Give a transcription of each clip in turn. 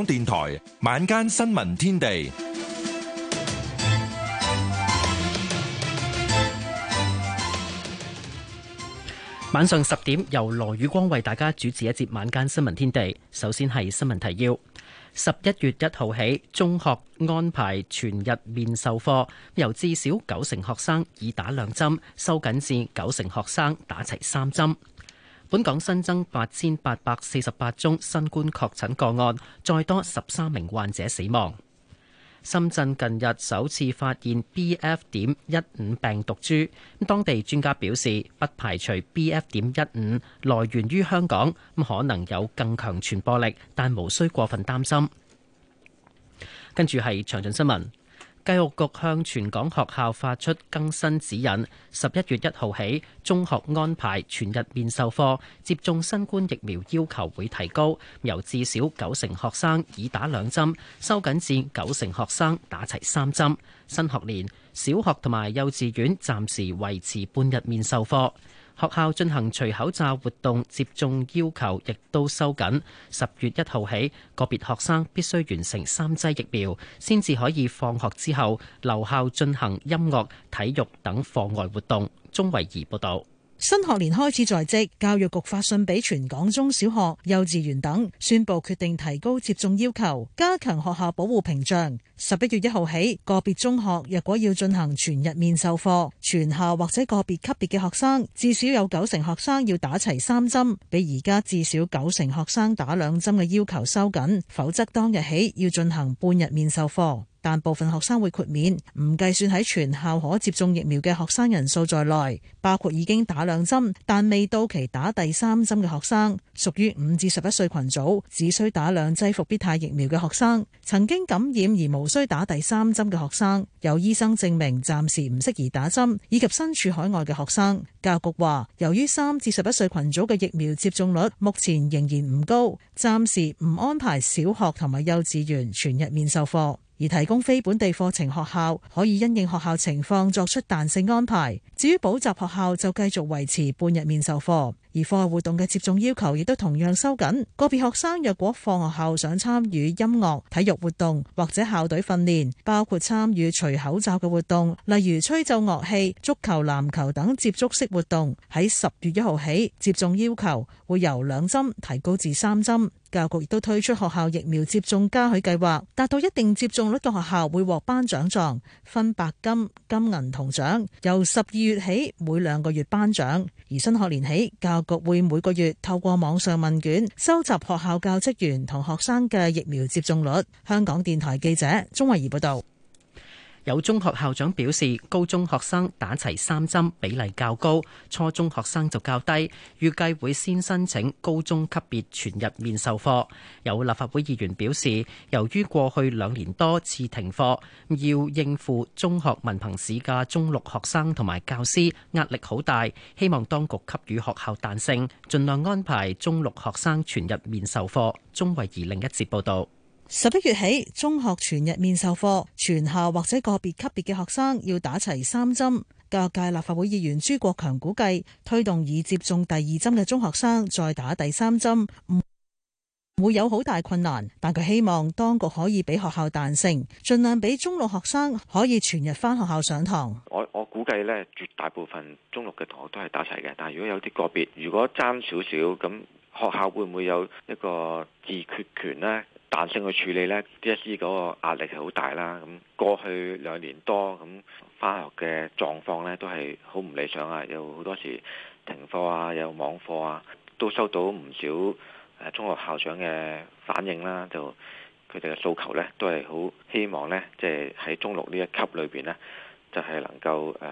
港電台晚間新聞天地，晚上十點由羅宇光為大家主持一節晚間新聞天地。首先係新聞提要：十一月一號起，中學安排全日面授課，由至少九成學生已打兩針，收緊至九成學生打齊三針。本港新增八千八百四十八宗新冠確診個案，再多十三名患者死亡。深圳近日首次發現 B. F. 點一五病毒株，當地專家表示不排除 B. F. 點一五來源於香港，咁可能有更強傳播力，但無需過分擔心。跟住係詳盡新聞。教育局向全港學校發出更新指引，十一月一號起，中學安排全日面授課，接種新冠疫苗要求會提高，由至少九成學生已打兩針，收緊至九成學生打齊三針。新學年，小學同埋幼稚園暫時維持半日面授課。學校進行除口罩活動，接種要求亦都收緊。十月一號起，個別學生必須完成三劑疫苗，先至可以放學之後留校進行音樂、體育等課外活動。鍾蔚儀報導。新學年開始在即，教育局發信俾全港中小學、幼稚園等，宣布決定提高接種要求，加強學校保護屏障。十一月一號起，個別中學若果要進行全日面授課，全校或者個別級別嘅學生，至少有九成學生要打齊三針，比而家至少九成學生打兩針嘅要求收緊，否則當日起要進行半日面授課。但部分學生會豁免，唔計算喺全校可接種疫苗嘅學生人數在內，包括已經打兩針但未到期打第三針嘅學生，屬於五至十一歲群組，只需打兩劑復必泰疫苗嘅學生，曾經感染而無需打第三針嘅學生，有醫生證明暫時唔適宜打針，以及身處海外嘅學生。教育局話，由於三至十一歲群組嘅疫苗接種率目前仍然唔高，暫時唔安排小學同埋幼稚園全日面授課。而提供非本地課程學校可以因應學校情況作出彈性安排。至於補習學校就繼續維持半日面授課，而課外活動嘅接種要求亦都同樣收緊，個別學生若果放學後想參與音樂體育活動或者校隊訓練，包括參與除口罩嘅活動，例如吹奏樂器、足球、籃球等接觸式活動，喺十月一號起，接種要求會由兩針提高至三針。教育局亦都推出學校疫苗接種嘉許計劃，達到一定接種率嘅學校會獲頒獎狀，分白金、金銀、銅獎。由十二月起，每兩個月頒獎；而新學年起，教育局會每個月透過網上問卷收集學校教職員同學生嘅疫苗接種率。香港電台記者鍾慧儀報道。有中學校長表示，高中學生打齊三針比例較高，初中學生就較低。預計會先申請高中級別全日面授課。有立法會議員表示，由於過去兩年多次停課，要應付中學文憑試嘅中六學生同埋教師壓力好大，希望當局給予學校彈性，盡量安排中六學生全日面授課。鍾慧怡另一節報導。十一月起，中學全日面授課，全校或者個別級別嘅學生要打齊三針。教育界立法會議員朱國強估計，推動已接種第二針嘅中學生再打第三針，唔會有好大困難。但佢希望當局可以俾學校彈性，盡量俾中六學生可以全日翻學校上堂。我我估計咧，絕大部分中六嘅同學都係打齊嘅。但係如果有啲個別，如果爭少少咁，學校會唔會有一個自決權呢？彈性去處理咧，DSE 嗰個壓力係好大啦。咁過去兩年多，咁返學嘅狀況咧都係好唔理想啊。有好多時停課啊，有網課啊，都收到唔少誒中學校長嘅反應啦。就佢哋嘅訴求咧，都係好希望咧，即係喺中六呢一級裏邊咧，就係能夠誒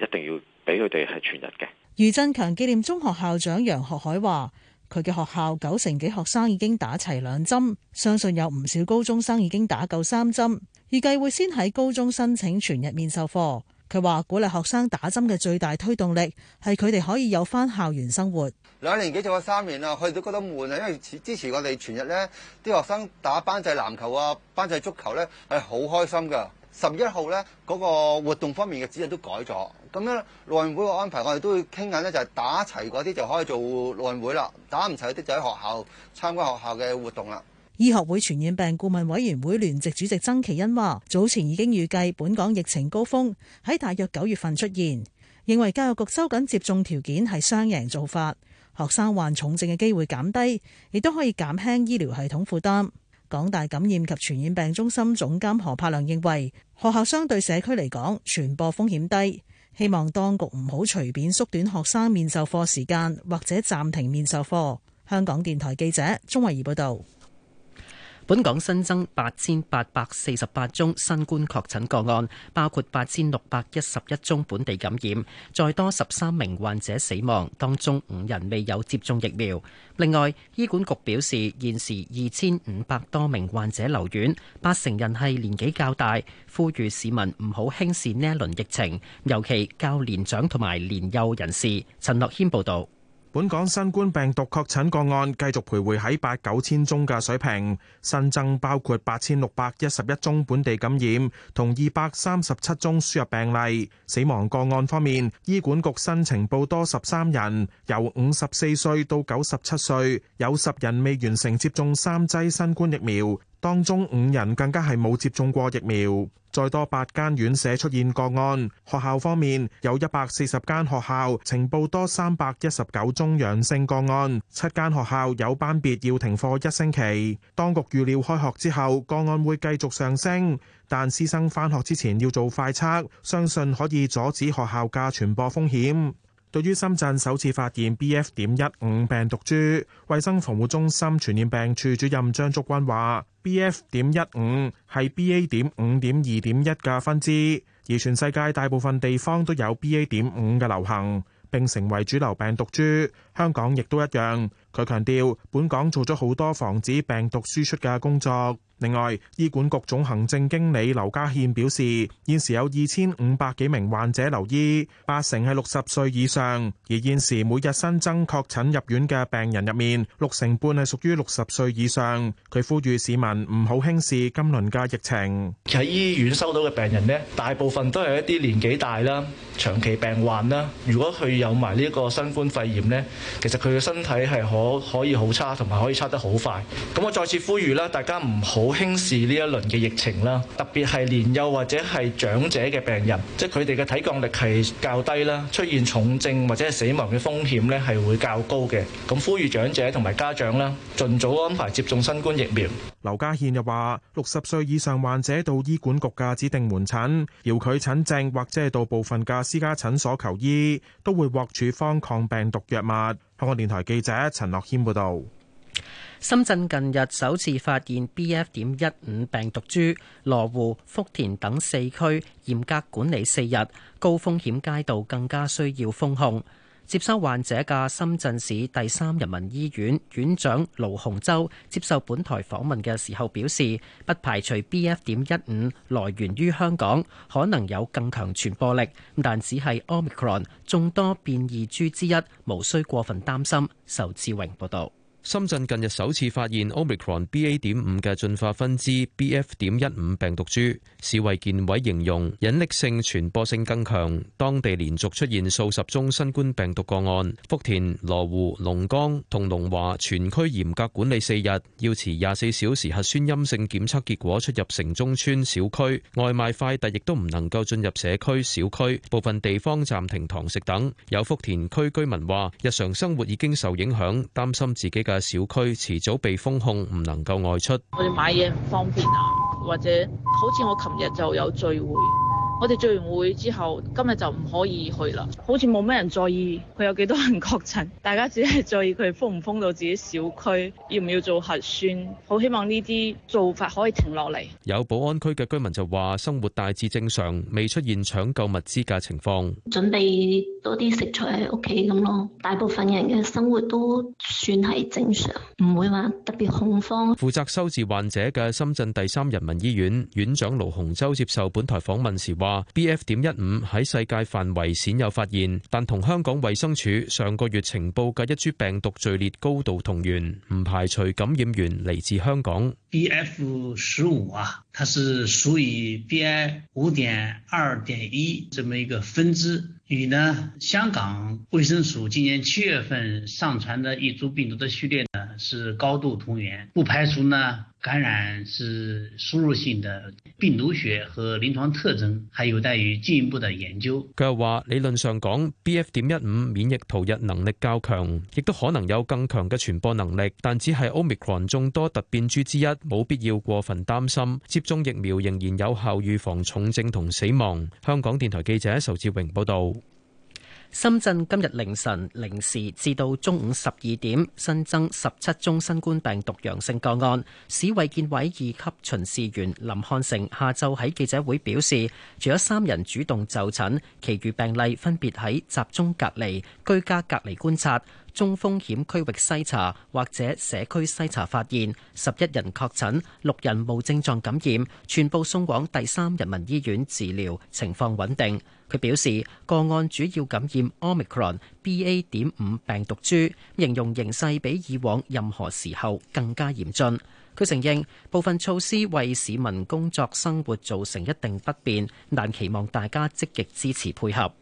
一定要俾佢哋係全日嘅。余振強紀念中學校長楊學海話。佢嘅學校九成幾學生已經打齊兩針，相信有唔少高中生已經打夠三針，預計會先喺高中申請全日面授課。佢話：鼓勵學生打針嘅最大推動力係佢哋可以有返校園生活，兩年幾做咗三年啦，佢哋都覺得悶啊，因為之前我哋全日咧啲學生打班際籃球啊、班際足球咧係好開心噶。十一號咧嗰個活動方面嘅指引都改咗，咁樣陸運會嘅安排我哋都要傾緊咧，就係、是、打齊嗰啲就可以做陸運會啦，打唔齊嗰啲就喺學校參加學校嘅活動啦。醫學會傳染病顧問委員會聯席主席曾其恩話，早前已經預計本港疫情高峰喺大約九月份出現，認為教育局收緊接種條件係雙贏做法，學生患重症嘅機會減低，亦都可以減輕醫療系統負擔。港大感染及傳染病中心總監何柏良認為，學校相對社區嚟講傳播風險低，希望當局唔好隨便縮短學生面授課時間或者暫停面授課。香港電台記者鍾慧儀報道。本港新增八千八百四十八宗新冠確診個案，包括八千六百一十一宗本地感染，再多十三名患者死亡，當中五人未有接種疫苗。另外，醫管局表示，現時二千五百多名患者留院，八成人係年紀較大，呼籲市民唔好輕視呢一輪疫情，尤其較年長同埋年幼人士。陳樂謙報道。本港新冠病毒確診個案繼續徘徊喺八九千宗嘅水平，新增包括八千六百一十一宗本地感染，同二百三十七宗輸入病例。死亡個案方面，醫管局新呈報，多十三人，由五十四歲到九十七歲，有十人未完成接種三劑新冠疫苗。當中五人更加係冇接種過疫苗，再多八間院舍出現個案。學校方面，有一百四十間學校呈報多三百一十九宗陽性個案，七間學校有班別要停課一星期。當局預料開學之後個案會繼續上升，但師生返學之前要做快測，相信可以阻止學校嘅傳播風險。對於深圳首次發現 B. F. 點一五病毒株，衛生防護中心傳染病處主任張竹君話。B. F. 點一五係 B. A. 點五點二點一嘅分支，而全世界大部分地方都有 B. A. 點五嘅流行，並成為主流病毒株。香港亦都一樣。佢強調，本港做咗好多防止病毒輸出嘅工作。另外，醫管局總行政經理劉家憲表示，現時有二千五百幾名患者留醫，八成係六十歲以上。而現時每日新增確診入院嘅病人入面，六成半係屬於六十歲以上。佢呼籲市民唔好輕視今輪嘅疫情。喺醫院收到嘅病人呢，大部分都係一啲年紀大啦、長期病患啦。如果佢有埋呢個新冠肺炎呢，其實佢嘅身體係可可以好差，同埋可以差得好快。咁我再次呼籲啦，大家唔好。輕視呢一輪嘅疫情啦，特別係年幼或者係長者嘅病人，即係佢哋嘅抵抗力係較低啦，出現重症或者死亡嘅風險咧係會較高嘅。咁呼籲長者同埋家長啦，盡早安排接種新冠疫苗。劉家獻又話：六十歲以上患者到醫管局嘅指定門診、遙距診症，或者係到部分嘅私家診所求醫，都會獲處方抗病毒藥物。香港電台記者陳樂軒報導。深圳近日首次發現 B.F. 點一五病毒株，羅湖、福田等四區嚴格管理四日，高風險街道更加需要封控。接收患者嘅深圳市第三人民醫院院長盧洪洲接受本台訪問嘅時候表示，不排除 B.F. 點一五來源於香港，可能有更強傳播力，但只係 Omicron 眾多變異株之一，無需過分擔心榮。仇志榮報道。深圳近日首次發現 Omicron BA. 點五嘅進化分支 BF. 點一五病毒株，市衛健委形容隱匿性傳播性更強，當地連續出現數十宗新冠病毒個案。福田、羅湖、龍崗同龍華全區嚴格管理四日，要持廿四小時核酸陰性檢測結果出入城中村小區，外賣快遞亦都唔能夠進入社區小區。部分地方暫停堂食等。有福田區居民話，日常生活已經受影響，擔心自己。嘅小區遲早被封控，唔能夠外出。我哋買嘢唔方便啊，或者好似我琴日就有聚會。我哋做完會之後今日就唔可以去啦。好似冇咩人在意佢有幾多人確診，大家只係在意佢封唔封到自己小區，要唔要做核酸。好希望呢啲做法可以停落嚟。有寶安區嘅居民就話生活大致正常，未出現搶購物資嘅情況，準備多啲食材喺屋企咁咯。大部分人嘅生活都算係正常，唔會話特別恐慌。負責收治患者嘅深圳第三人民醫院院長盧洪洲接受本台訪問時話。話 B.F. 點一五喺世界範圍鮮有發現，但同香港衛生署上個月呈報嘅一株病毒序列高度同源，唔排除感染源嚟自香港。B.F. 十五啊，它是屬於 B.I. 五點二點一這麼一個分支，與呢香港衛生署今年七月份上傳的一株病毒的序列呢，是高度同源，不排除呢感染是輸入性的。病毒學和臨床特徵還有待於進一步的研究。佢又話，理論上講，B. F. 點一五免疫逃逸能力較強，亦都可能有更強嘅傳播能力，但只係 Omicron 眾多突變株之一，冇必要過分擔心。接種疫苗仍然有效預防重症同死亡。香港電台記者仇志榮報道。深圳今日凌晨零時至到中午十二點新增十七宗新冠病毒陽性個案。市衛健委二級巡視員林漢成下晝喺記者會表示，除咗三人主動就診，其餘病例分別喺集中隔離、居家隔離觀察、中風險區域篩查或者社區篩查發現。十一人確診，六人無症狀感染，全部送往第三人民醫院治療，情況穩定。佢表示個案主要感染 omicron B A. 點五病毒株，形容形勢比以往任何時候更加嚴峻。佢承認部分措施為市民工作生活造成一定不便，但期望大家積極支持配合。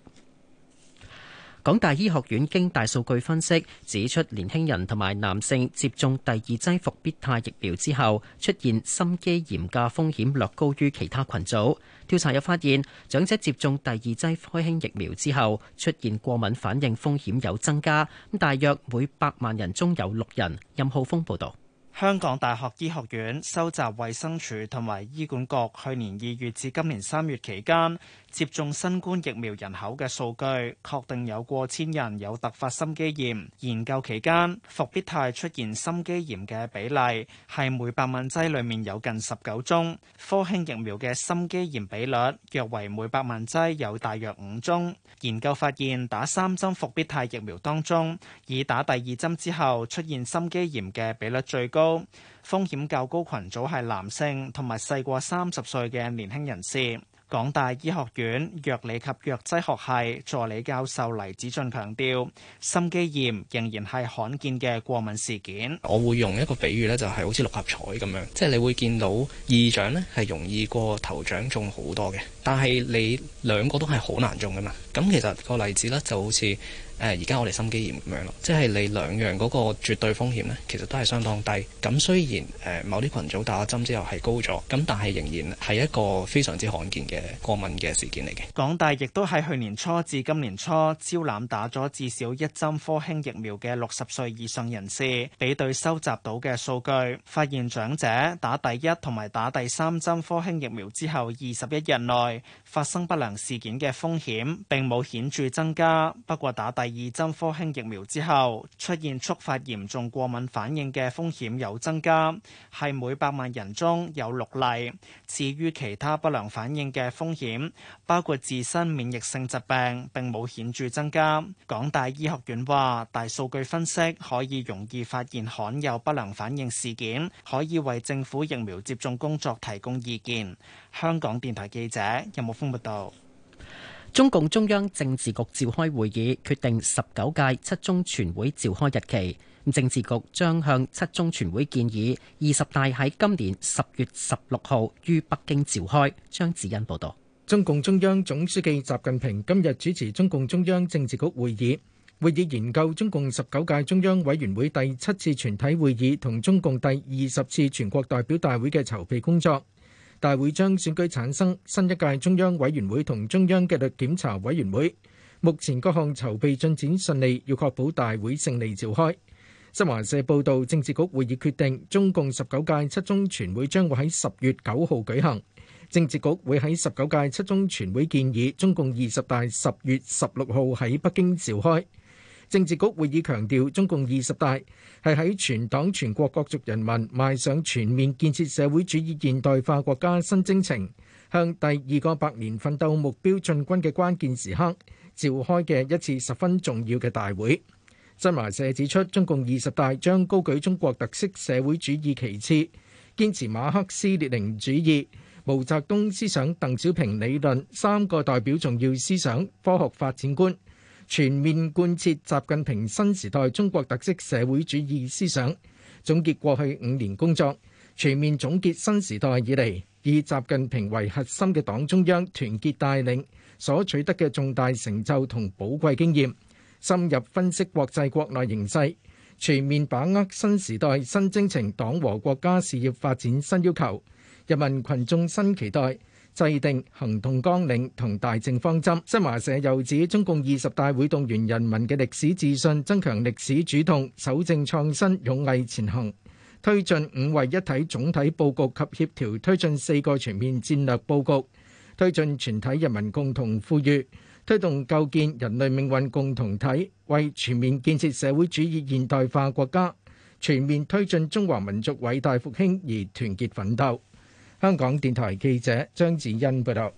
港大醫學院經大數據分析指出，年輕人同埋男性接種第二劑復必泰疫苗之後，出現心肌炎嘅風險略高於其他群組。調查又發現，長者接種第二劑科興疫苗之後，出現過敏反應風險有增加。大約每百萬人中有六人。任浩峰報導。香港大學醫學院收集衛生署同埋醫管局去年二月至今年三月期間，接種新冠疫苗人口嘅數據，確定有過千人有突發心肌炎。研究期間，復必泰出現心肌炎嘅比例係每百萬劑裡面有近十九宗，科興疫苗嘅心肌炎比率約為每百萬劑有大約五宗。研究發現，打三針復必泰疫苗當中，以打第二針之後出現心肌炎嘅比率最高。風險較高群組係男性同埋細過三十歲嘅年輕人士。港大醫學院藥理及藥劑學系助理教授黎子俊強調，心肌炎仍然係罕見嘅過敏事件。我會用一個比喻咧，就係好似六合彩咁樣，即係你會見到二獎呢係容易過頭獎中好多嘅，但係你兩個都係好難中噶嘛。咁其實個例子咧就好似。誒而家我哋心肌炎咁樣咯，即係你兩樣嗰個絕對風險呢，其實都係相當低。咁雖然誒某啲群組打針之後係高咗，咁但係仍然係一個非常之罕見嘅過敏嘅事件嚟嘅。港大亦都喺去年初至今年初招攬打咗至少一針科興疫苗嘅六十歲以上人士，比對收集到嘅數據，發現長者打第一同埋打第三針科興疫苗之後二十一日內發生不良事件嘅風險並冇顯著增加。不過打第二第二針科興疫苗之後出現觸發嚴重過敏反應嘅風險有增加，係每百萬人中有六例。至於其他不良反應嘅風險，包括自身免疫性疾病並冇顯著增加。港大醫學院話，大數據分析可以容易發現罕有不良反應事件，可以為政府疫苗接種工作提供意見。香港電台記者任木豐報道。有中共中央政治局召開會議，決定十九屆七中全會召開日期。政治局將向七中全會建議，二十大喺今年十月十六號於北京召開。張子欣報道。中共中央總書記習近平今日主持中共中央政治局會議，會議研究中共十九屆中央委員會第七次全體會議同中共第二十次全國代表大會嘅籌備工作。大會將選舉產生新一屆中央委員會同中央紀律檢查委員會。目前各項籌備進展順利，要確保大會勝利召開。新華社報道，政治局會議決定，中共十九屆七中全會將會喺十月九號舉行。政治局會喺十九屆七中全會建議，中共二十大十月十六號喺北京召開。政治局會議強調，中共二十大，係喺全黨全國各族人民邁上全面建設社會主義現代化國家新征程、向第二個百年奮鬥目標進軍嘅關鍵時刻召開嘅一次十分重要嘅大會。新華社指出，中共二十大將高舉中國特色社會主義旗幟，堅持馬克思列寧主義、毛澤東思想、鄧小平理論、三個代表重要思想、科學發展觀。全面貫徹習近平新時代中國特色社會主義思想，總結過去五年工作，全面總結新時代以嚟以習近平為核心嘅黨中央團結帶領所取得嘅重大成就同寶貴經驗，深入分析國際國內形勢，全面把握新時代新征程黨和國家事業發展新要求、人民群眾新期待。制定行動綱領同大政方針。新華社又指，中共二十大會動員人民嘅歷史自信，增強歷史主動，守正創新，勇毅前行，推進五位一體總體佈局及協調推進四個全面戰略佈局，推進全體人民共同富裕，推動構建人類命運共同體，為全面建設社會主義現代化國家、全面推進中華民族偉大復興而團結奮鬥。香港電台記者張子欣報道：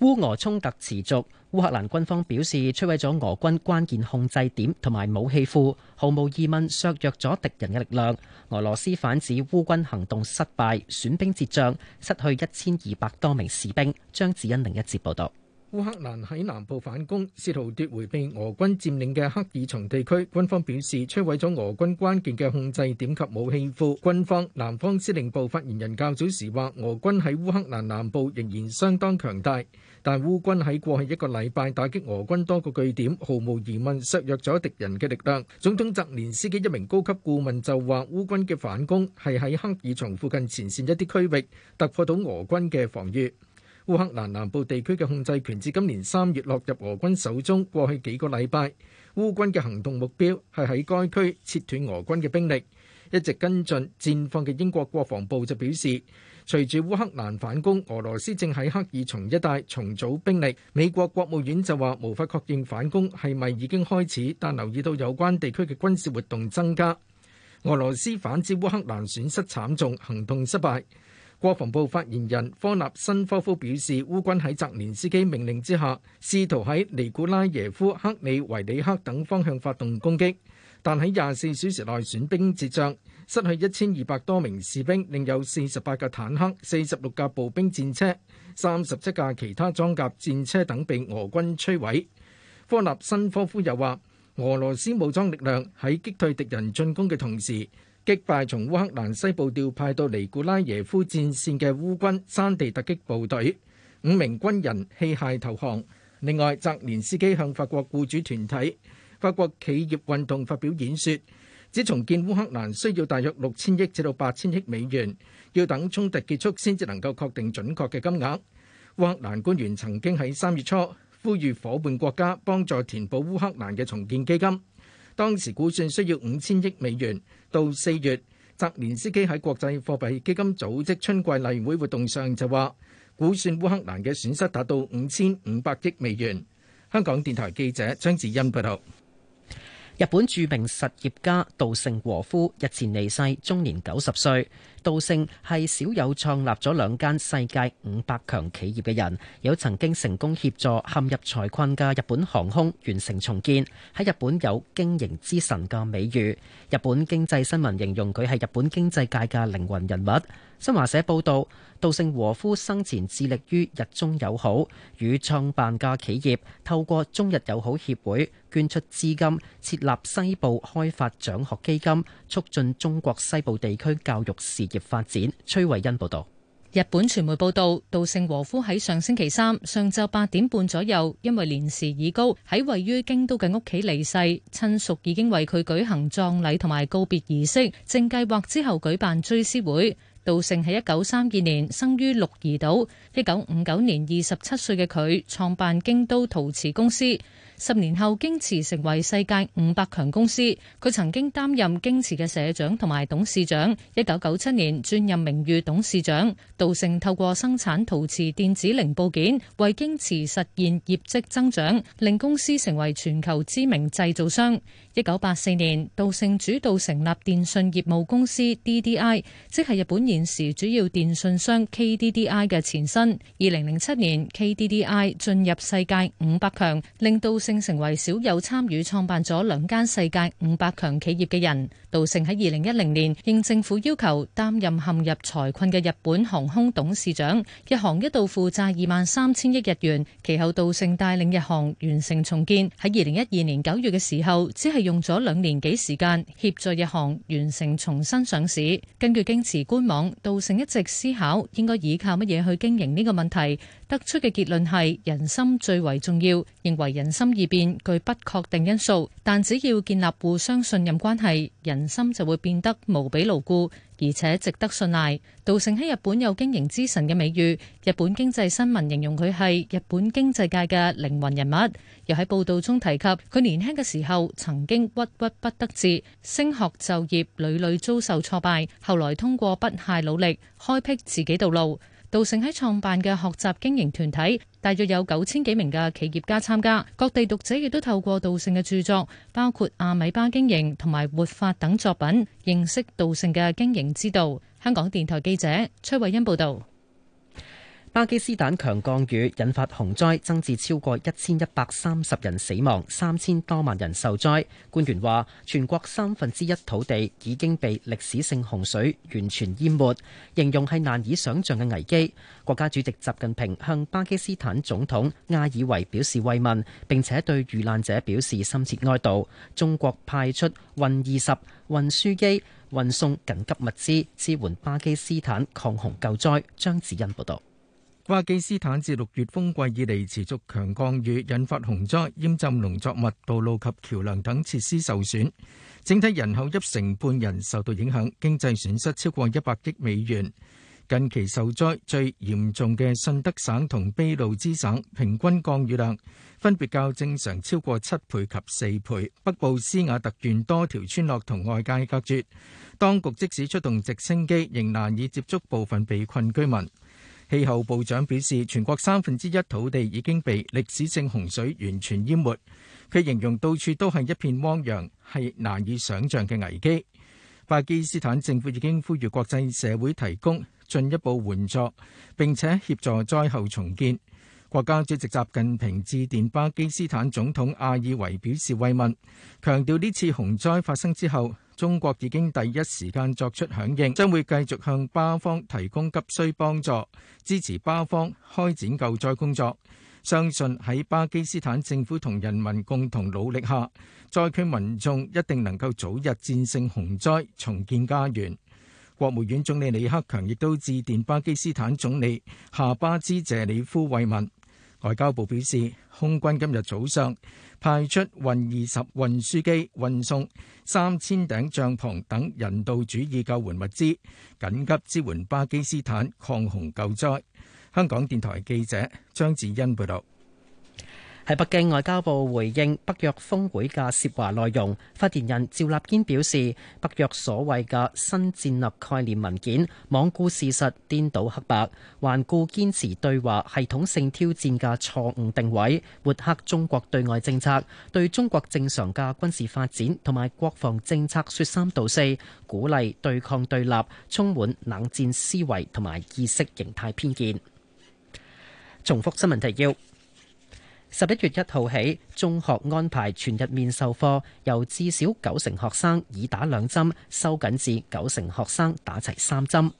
烏俄衝突持續，烏克蘭軍方表示摧毀咗俄軍關鍵控制點同埋武器庫，毫無疑問削弱咗敵人嘅力量。俄羅斯反指烏軍行動失敗，損兵折將，失去一千二百多名士兵。張子欣另一節報道。烏克蘭喺南部反攻，試圖奪回被俄軍佔領嘅赫爾松地區。軍方表示，摧毀咗俄軍關鍵嘅控制點及武器庫。軍方南方司令部發言人較早時話，俄軍喺烏克蘭南部仍然相當強大，但烏軍喺過去一個禮拜打擊俄軍多個據點，毫無疑問削弱咗敵人嘅力量。總統澤連斯基一名高級顧問就話，烏軍嘅反攻係喺赫爾松附近前線一啲區域突破到俄軍嘅防禦。烏克蘭南部地區嘅控制權至今年三月落入俄軍手中。過去幾個禮拜，烏軍嘅行動目標係喺該區切斷俄軍嘅兵力。一直跟進戰況嘅英國國防部就表示，隨住烏克蘭反攻，俄羅斯正喺克爾松一帶重組兵力。美國國務院就話無法確認反攻係咪已經開始，但留意到有關地區嘅軍事活動增加。俄羅斯反指烏克蘭損失慘重，行動失敗。國防部發言人科納申科夫表示，烏軍喺澤連斯基命令之下，試圖喺尼古拉耶夫、克里維里克等方向發動攻擊，但喺廿四小時內損兵折將，失去一千二百多名士兵，另有四十八架坦克、四十六架步兵戰車、三十七架其他裝甲戰車等被俄軍摧毀。科納申科夫又話，俄羅斯武裝力量喺擊退敵人進攻嘅同時，擊敗從烏克蘭西部調派到尼古拉耶夫戰線嘅烏軍山地突擊部隊，五名軍人棄械投降。另外，澤連斯基向法國僱主團體法國企業運動發表演說，指重建烏克蘭需要大約六千億至到八千億美元，要等衝突結束先至能夠確定準確嘅金額。烏克蘭官員曾經喺三月初呼籲夥伴國家幫助填補烏克蘭嘅重建基金，當時估算需要五千億美元。到四月，澤連斯基喺國際貨幣基金組織春季例會活動上就話，估算烏克蘭嘅損失達到五千五百億美元。香港電台記者張子欣報道。日本著名實業家稻盛和夫日前離世，終年九十歲。稻盛係少有創立咗兩間世界五百強企業嘅人，有曾經成功協助陷入財困嘅日本航空完成重建，喺日本有經營之神嘅美譽。日本經濟新聞形容佢係日本經濟界嘅靈魂人物。新華社報道，稻盛和夫生前致力於日中友好，與創辦家企業透過中日友好協會捐出資金，設立西部開發獎學基金，促進中國西部地區教育事業發展。崔慧恩報道，日本傳媒報道，稻盛和夫喺上星期三上晝八點半左右，因為年事已高，喺位於京都嘅屋企離世。親屬已經為佢舉行葬禮同埋告別儀式，正計劃之後舉辦追思會。稻盛喺一九三二年生於鹿兒島，一九五九年二十七歲嘅佢創辦京都陶瓷公司。十年後，京瓷成為世界五百強公司。佢曾經擔任京瓷嘅社長同埋董事長。一九九七年，轉任名譽董事長。稻盛透過生產陶瓷電子零部件，為京瓷實現業績增長，令公司成為全球知名製造商。一九八四年，稻盛主導成立電信業務公司 DDI，即係日本現時主要電信商 KDDI 嘅前身。二零零七年，KDDI 進入世界五百強，令稻盛，成為少有參與創辦咗兩間世界五百強企業嘅人，道盛喺二零一零年應政府要求擔任陷入財困嘅日本航空董事長，日航一度負債二萬三千億日元，其後道盛帶領日航完成重建。喺二零一二年九月嘅時候，只係用咗兩年幾時間協助日航完成重新上市。根據京瓷官網，道盛一直思考應該依靠乜嘢去經營呢個問題，得出嘅結論係人心最為重要，認為人心。而變具不確定因素，但只要建立互相信任關係，人心就會變得無比牢固，而且值得信賴。稻盛喺日本有經營之神嘅美譽，日本經濟新聞形容佢係日本經濟界嘅靈魂人物。又喺報道中提及，佢年輕嘅時候曾經鬱鬱不得志，升學就業，屢屢遭受挫敗，後來通過不懈努力，開闢自己道路。稻盛喺創辦嘅學習經營團體大約有九千幾名嘅企業家參加，各地讀者亦都透過稻盛嘅著作，包括《阿米巴經營》同埋《活法》等作品，認識稻盛嘅經營之道。香港電台記者崔慧欣報道。巴基斯坦強降雨引發洪災，增至超過一千一百三十人死亡，三千多萬人受災。官員話，全國三分之一土地已經被歷史性洪水完全淹沒，形容係難以想像嘅危機。國家主席習近平向巴基斯坦總統阿爾維表示慰問，並且對遇難者表示深切哀悼。中國派出運二十運輸機，運送緊急物資支援巴基斯坦抗洪救災。張子欣報道。巴基斯坦自六月風季以嚟持續強降雨，引發洪災，淹浸農作物、道路及橋樑等設施受損，整體人口一成半人受到影響，經濟損失超過一百億美元。近期受災最嚴重嘅信德省同俾路支省，平均降雨量分別較正常超過七倍及四倍。北部斯瓦特縣多條村落同外界隔絕，當局即使出動直升機，仍難以接觸部分被困居民。氣候部長表示，全國三分之一土地已經被歷史性洪水完全淹沒。佢形容到處都係一片汪洋，係難以想像嘅危機。巴基斯坦政府已經呼籲國際社會提供進一步援助，並且協助災後重建。國家主席習近平致電巴基斯坦總統阿爾維表示慰問，強調呢次洪災發生之後，中國已經第一時間作出響應，將會繼續向巴方提供急需幫助，支持巴方開展救災工作。相信喺巴基斯坦政府同人民共同努力下，災區民眾一定能夠早日戰勝洪災，重建家園。國務院總理李克強亦都致電巴基斯坦總理夏巴茲謝里夫慰問。外交部表示，空軍今日早上派出運二十運輸機運送三千頂帳篷等人道主義救援物資，緊急支援巴基斯坦抗洪救災，香港電台記者張志欣報道。喺北京外交部，回應北約峰會嘅涉華內容，發言人趙立堅表示，北約所謂嘅新戰略概念文件，罔顧事實，顛倒黑白，頑固堅持對華系統性挑戰嘅錯誤定位，抹黑中國對外政策，對中國正常嘅軍事發展同埋國防政策說三道四，鼓勵對抗對立，充滿冷戰思維同埋意識形態偏見。重複新聞提要。十一月一號起，中學安排全日面授課，由至少九成學生已打兩針，收緊至九成學生打齊三針。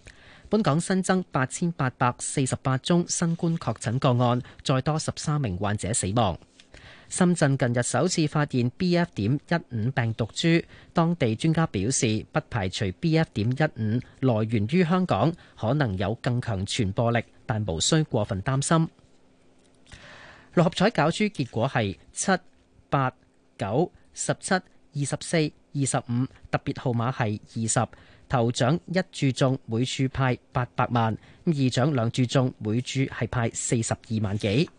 本港新增八千八百四十八宗新冠確診個案，再多十三名患者死亡。深圳近日首次發現 BF.15 病毒株，當地專家表示，不排除 BF.15 來源於香港，可能有更強傳播力，但無需過分擔心。六合彩攪珠結果係七八九十七二十四二十五，特別號碼係二十。頭獎一注中，每注派八百萬；二獎兩注中，每注係派四十二萬幾。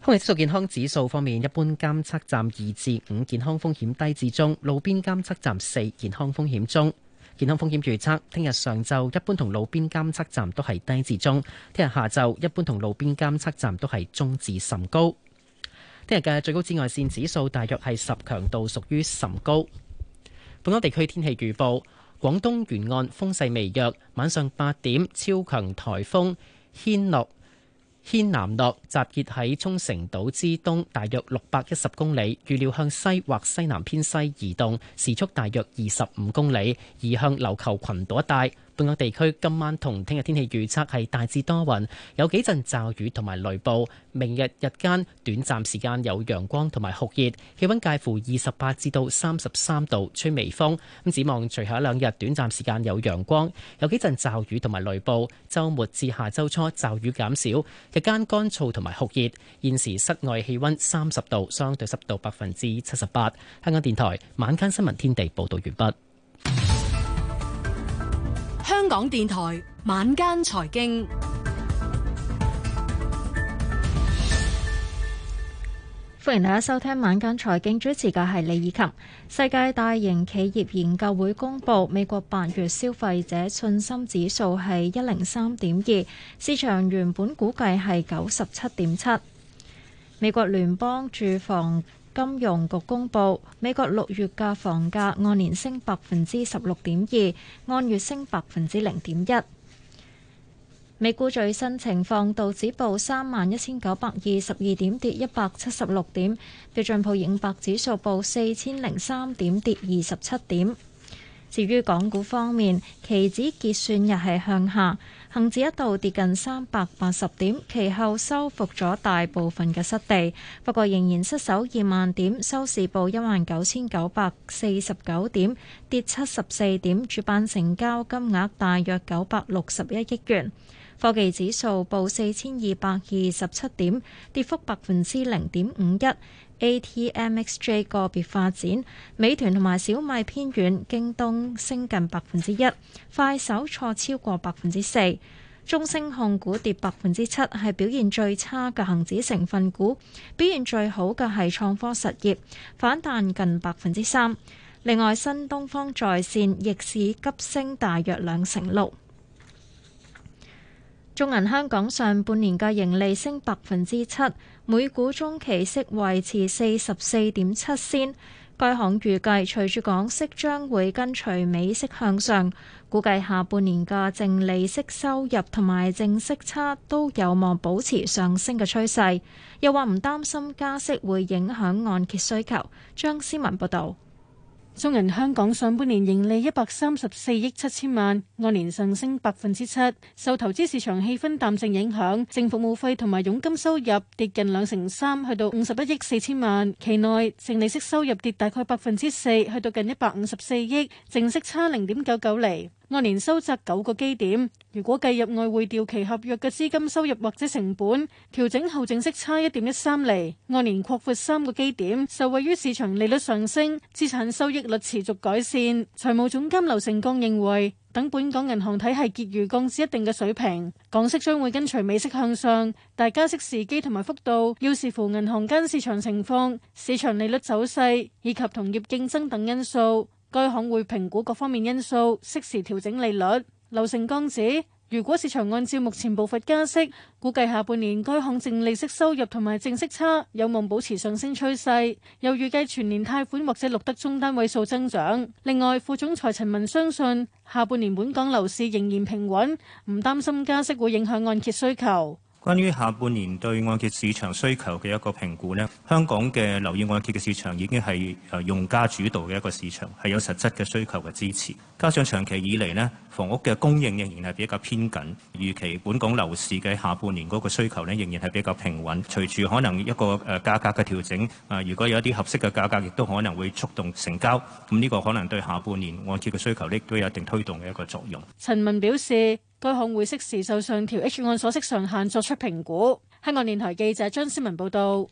空氣質素健康指數方面，一般監測站二至五，健康風險低至中；路邊監測站四，健康風險中。健康風險預測，聽日上晝一般同路邊監測站都係低至中；聽日下晝一般同路邊監測站都係中至甚高。聽日嘅最高紫外線指數大約係十，強度屬於甚高。本港地區天氣預報，廣東沿岸風勢微弱，晚上八點超強颱風軒嵐諾，天南落，集結喺沖繩島之東大約六百一十公里，預料向西或西南偏西移動，時速大約二十五公里，移向琉球群島一帶。本港地區今晚同聽日天氣預測係大致多雲，有幾陣驟雨同埋雷暴。明日日間短暫時間有陽光同埋酷熱，氣溫介乎二十八至到三十三度，吹微風，咁指望隨後一兩日短暫時間有陽光，有幾陣驟雨同埋雷暴。周末至下周初驟雨減少，日間乾燥同埋酷熱，現時室外氣溫三十度，相對濕度百分之七十八。香港電台晚間新聞天地報道完畢。香港電台晚間財經，歡迎大家收聽晚間財經。主持嘅係李以琴。世界大型企業研究會公佈，美國八月消費者信心指數係一零三點二，市場原本估計係九十七點七。美國聯邦住房金融局公布，美國六月嘅房價按年升百分之十六點二，按月升百分之零點一。美股最新情況，道指報三萬一千九百二十二點，跌一百七十六點；標準普爾五百指數報四千零三點，跌二十七點。至於港股方面，期指結算日係向下。恒指一度跌近三百八十點，其後收復咗大部分嘅失地，不過仍然失守二萬點，收市報一萬九千九百四十九點，跌七十四點，主板成交金額大約九百六十一億元。科技指數報四千二百二十七點，跌幅百分之零點五一。ATMXJ 個別發展，美團同埋小米偏軟，京東升近百分之一，快手挫超過百分之四，中升控股跌百分之七，係表現最差嘅恒指成分股。表現最好嘅係創科實業，反彈近百分之三。另外，新東方在線逆市急升大約兩成六。中銀香港上半年嘅盈利升百分之七，每股中期息維持四十四點七仙。該行預計隨住港息將會跟隨美息向上，估計下半年嘅淨利息收入同埋淨息差都有望保持上升嘅趨勢。又話唔擔心加息會影響按揭需求。張思文報道。中銀香港上半年盈利一百三十四億七千萬，按年上升百分之七，受投資市場氣氛淡靜影響，淨服務費同埋佣金收入跌近兩成三，去到五十一億四千萬。期內淨利息收入跌大概百分之四，去到近一百五十四億，淨息差零點九九厘。按年收窄九個基點，如果計入外匯掉期合約嘅資金收入或者成本調整後，淨息差一點一三厘。按年擴闊三個基點，受惠於市場利率上升、資產收益率持續改善。財務總監劉成剛認為，等本港銀行體系結餘降至一定嘅水平，港息將會跟隨美息向上。但加息時機同埋幅度要視乎銀行間市場情況、市場利率走勢以及同業競爭等因素。該行會評估各方面因素，適時調整利率。劉成剛指，如果市場按照目前步伐加息，估計下半年該行淨利息收入同埋淨息差有望保持上升趨勢，又預計全年貸款或者錄得中單位數增長。另外，副總裁陳文相信下半年本港樓市仍然平穩，唔擔心加息會影響按揭需求。關於下半年對按揭市場需求嘅一個評估咧，香港嘅樓宇按揭嘅市場已經係誒用家主導嘅一個市場，係有實質嘅需求嘅支持。加上長期以嚟咧，房屋嘅供應仍然係比較偏緊，預期本港樓市嘅下半年嗰個需求咧，仍然係比較平穩。隨住可能一個誒價格嘅調整，誒如果有啲合適嘅價格，亦都可能會觸動成交。咁、這、呢個可能對下半年按揭嘅需求咧，都有一定推動嘅一個作用。陳文表示。該行會適時就上調 H 按鎖息上限作出評估。香港電台記者張思文報道，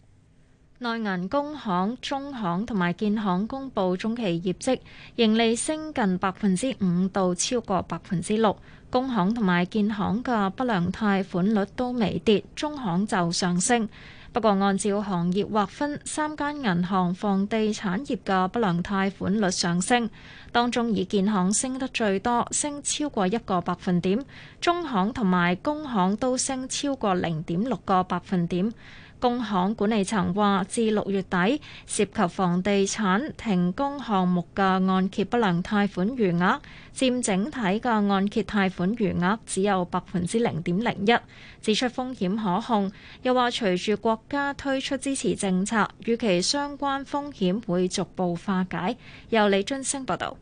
內銀工行、中行同埋建行公布中期業績，盈利升近百分之五到超過百分之六。工行同埋建行嘅不良貸款率都微跌，中行就上升。不過，按照行業劃分，三間銀行房地產業嘅不良貸款率上升，當中以建行升得最多，升超過一個百分點；中行同埋工行都升超過零點六個百分點。工行管理層話，至六月底涉及房地產停工項目嘅按揭不良貸款餘額佔整體嘅按揭貸款餘額只有百分之零點零一，指出風險可控。又話隨住國家推出支持政策，與其相關風險會逐步化解。由李津升報道。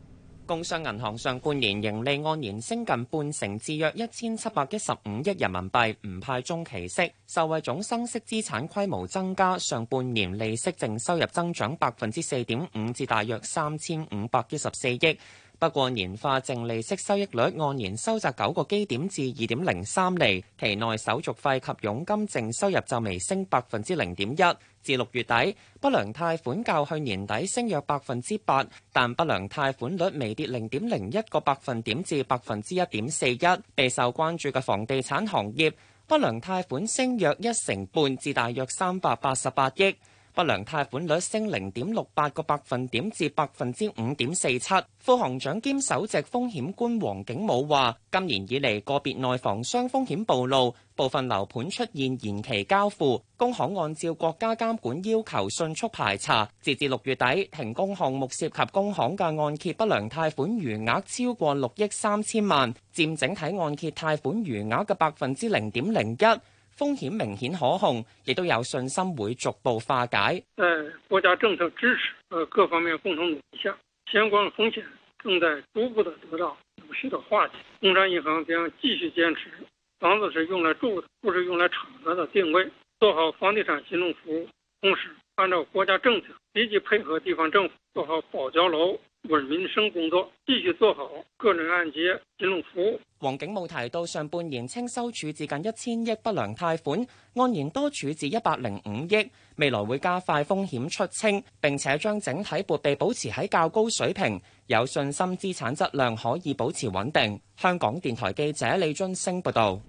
工商銀行上半年盈利按年升近半成，至約一千七百一十五億人民幣，唔派中期息，受惠總生息資產規模增加，上半年利息淨收入增長百分之四點五，至大約三千五百一十四億。不過，年化淨利息收益率按年收窄九個基點至二點零三釐，期內手續費及佣金淨收入就微升百分之零點一。至六月底，不良貸款較去年底升約百分之八，但不良貸款率微跌零點零一個百分點至百分之一點四一。備受關注嘅房地產行業不良貸款升約一成半至大約三百八十八億。不良貸款率升零點六八個百分點至百分之五點四七。副行長兼首席風險官黃景武話：今年以嚟，個別內房商風險暴露，部分樓盤出現延期交付，工行按照國家監管要求迅速排查。截至六月底，停工項目涉及工行嘅按揭不良貸款餘額超過六億三千萬，佔整體按揭貸款餘額嘅百分之零點零一。風險明顯可控，亦都有信心會逐步化解。在國家政策支持和各方面共同努力下，相關風險正在逐步的得到有序的化解。工商銀行將繼續堅持房子是用來住的，不是用來炒的的定位，做好房地產金融服務，同時按照國家政策，積極配合地方政府做好保交樓。穩民生工作必須做好，個人按揭金融服務。黃景武提到，上半年清收處置近一千億不良貸款，按年多處置一百零五億，未來會加快風險出清，並且將整體撥備保持喺較高水平，有信心資產質量可以保持穩定。香港電台記者李俊升報道。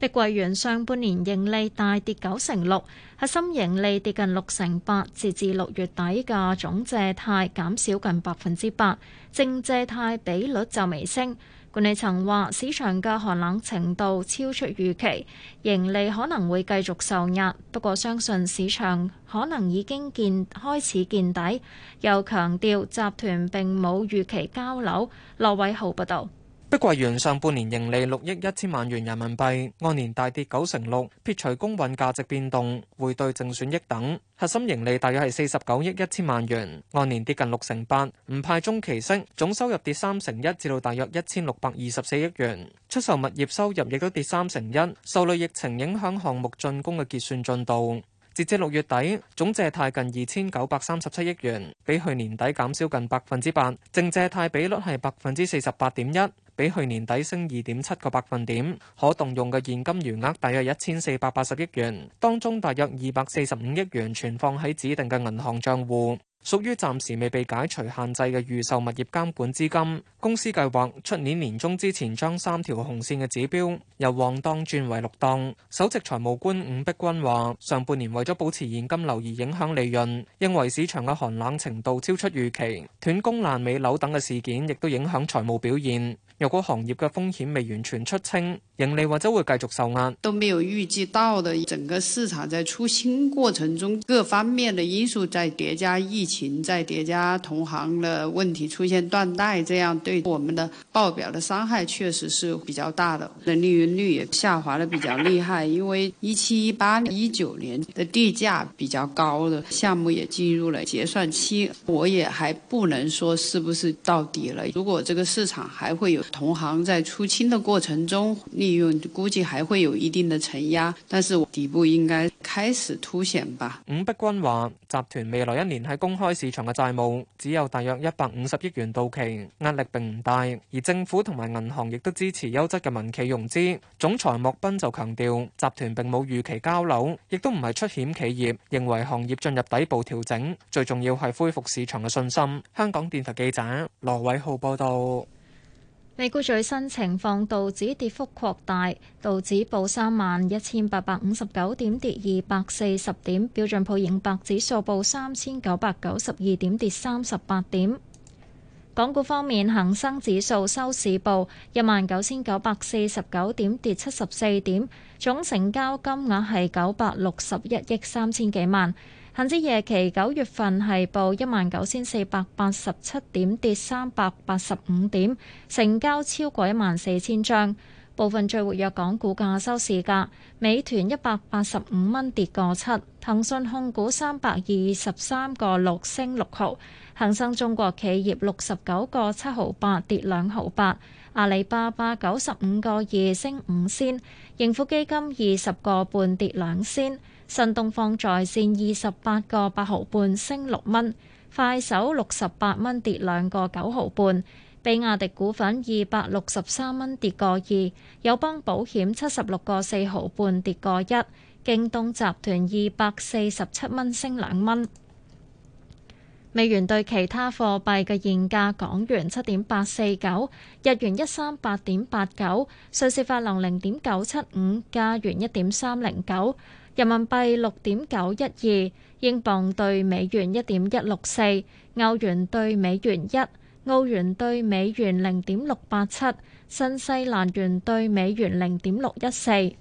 碧桂園上半年盈利大跌九成六，核心盈利跌近六成八，截至六月底嘅總借貸減少近百分之八，淨借貸比率就微升。管理層話市場嘅寒冷程度超出預期，盈利可能會繼續受壓，不過相信市場可能已經見開始見底。又強調集團並冇預期交樓。羅偉豪報道。碧桂園上半年盈利六億一千萬元人民幣，按年大跌九成六，撇除公允價值變動、匯兌淨損益等，核心盈利大約係四十九億一千萬元，按年跌近六成八，唔派中期息，總收入跌三成一，至到大約一千六百二十四億元，出售物業收入亦都跌三成一，受累疫情影響項目竣工嘅結算進度。截至六月底，總借貸近二千九百三十七億元，比去年底減少近百分之八，淨借貸比率係百分之四十八點一。比去年底升二點七個百分點，可動用嘅現金餘額，額大約一千四百八十億元，當中大約二百四十五億元存放喺指定嘅銀行賬戶，屬於暫時未被解除限制嘅預售物業監管資金。公司計劃出年年中之前將三條紅線嘅指標由黃檔轉為綠檔。首席財務官伍碧君話，上半年為咗保持現金流而影響利潤，因為市場嘅寒冷程度超出預期，斷供爛尾樓等嘅事件亦都影響財務表現。如果行業嘅風險未完全出清，盈利或者會繼續受壓，都沒有預計到的整個市場在出清過程中，各方面的因素在疊加疫情，在疊加同行的問題出現斷代，這樣對我們的報表的傷害確實是比較大的。的利潤率也下滑得比較厲害，因為一七、一八、一九年的地價比較高的，的項目也進入了結算期。我也還不能說是不是到底了。如果這個市場還會有。同行在出清的過程中，利潤估計還會有一定的承壓，但是底部應該開始凸顯吧。伍碧君話，集團未來一年喺公開市場嘅債務只有大約一百五十億元到期，壓力並唔大。而政府同埋銀行亦都支持優質嘅民企融資。總裁莫斌就強調，集團並冇預期交樓，亦都唔係出險企業，認為行業進入底部調整，最重要係恢復市場嘅信心。香港電台記者羅偉浩報道。美股最新情況，道指跌幅擴大，道指報三萬一千八百五十九點，跌二百四十點。標準普爾五百指數報三千九百九十二點，跌三十八點。港股方面，恒生指數收市報一萬九千九百四十九點，跌七十四點。總成交金額係九百六十一億三千幾萬。恒指夜期九月份係報一萬九千四百八十七點，跌三百八十五點，成交超過一萬四千張，部分最活躍港股價收市價美團一百八十五蚊跌過七，騰訊控股三百二十三個六升六毫，恒生中國企業六十九個七毫八跌兩毫八，阿里巴巴九十五個二升五仙，盈富基金二十個半跌兩仙。新東方在線二十八個八毫半升六蚊，快手六十八蚊跌兩個九毫半，比亞迪股份二百六十三蚊跌個二，友邦保險七十六個四毫半跌個一，京東集團二百四十七蚊升兩蚊。美元對其他貨幣嘅現價，港元七點八四九，日元一三八點八九，瑞士法郎零點九七五，加元一點三零九。人民幣六點九一二，英鎊對美元一點一六四，歐元對美元一，澳元對美元零點六八七，新西蘭元對美元零點六一四。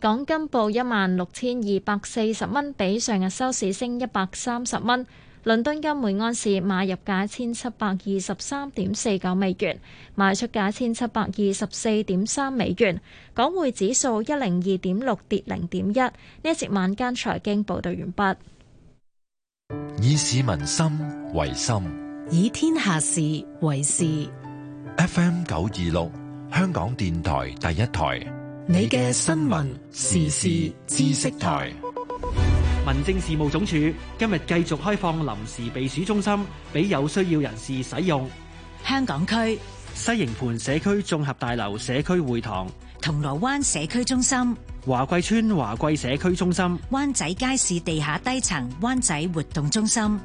港金報一萬六千二百四十蚊，比上日收市升一百三十蚊。倫敦金每安士買入價一千七百二十三點四九美元，賣出價一千七百二十四點三美元。港匯指數一零二點六跌零點一。呢一節晚間財經報道完畢。以市民心為心，以天下事為事。FM 九二六，香港電台第一台，你嘅新聞時事知識台。民政事務總署今日繼續開放臨時避暑中心，俾有需要人士使用。香港區西營盤社區綜合大樓社區會堂、銅鑼灣社區中心、華貴村華貴社區中心、灣仔街市地下低層灣仔活動中心、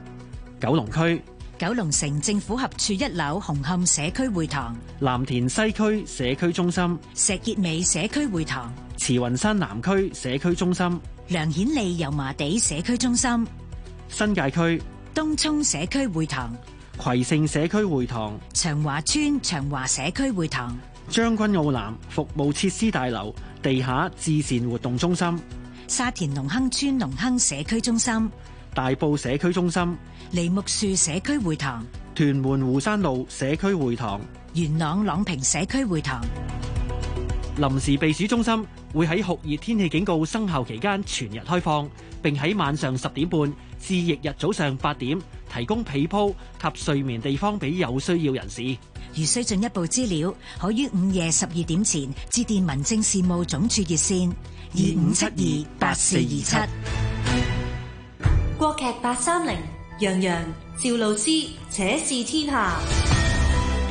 九龍區九龍城政府合署一樓紅磡社區會堂、藍田西區社區中心、石硖尾社區會堂、慈雲山南區社區中心。梁顯利油麻地社區中心，新界區東涌社區會堂，葵盛社區會堂，長華村長華社區會堂，將軍澳南服務設施大樓地下自善活動中心，沙田隆亨村隆亨社區中心，大埔社區中心，梨木樹社區會堂，屯門湖山路社區會堂，元朗朗屏社區會堂。臨時避暑中心會喺酷熱天氣警告生效期間全日開放，並喺晚上十點半至翌日早上八點提供被鋪及睡眠地方俾有需要人士。如需進一步資料，可於午夜十二點前致電民政事務總署熱線二五七二八四二七。國劇八三零，楊洋、趙露思，且試天下。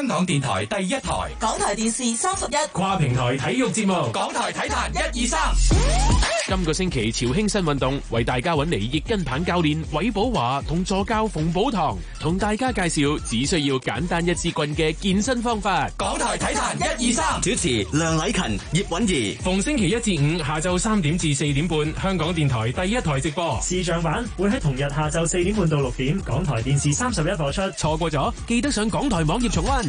香港電台第一台，港台電視三十一，跨平台體育節目，港台體壇一二三。 今個星期朝興新運動，為大家揾嚟易根棒教練韋寶華同助教馮寶堂。同大家介紹只需要簡單一支棍，嘅健身方法。港台體壇一二三，1, 2, 3, 主持梁禮勤、葉韻儀，逢星期一至五下晝三點至四點半，香港電台第一台直播。視像版會喺同日下晝四點半到六點，港台電視三十一播出。錯過咗記得上港台網頁重温。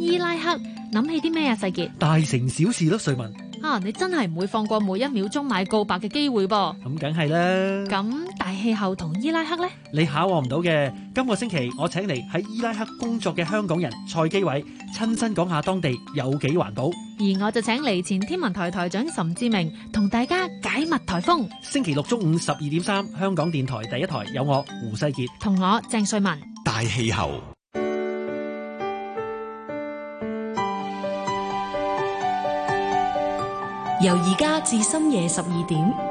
伊拉克諗起啲咩啊？世杰，大城小事粒碎聞。啊、你真係唔會放過每一秒鐘買告白嘅機會噃、啊？咁梗係啦。咁大氣候同伊拉克呢？你考我唔到嘅。今個星期我請嚟喺伊拉克工作嘅香港人蔡基偉，親身講下當地有幾環保。而我就請嚟前天文台台長岑志明，同大家解密台風。星期六中午十二點三，3, 香港電台第一台有我胡世杰同我鄭瑞文。大氣候。由而家至深夜十二點。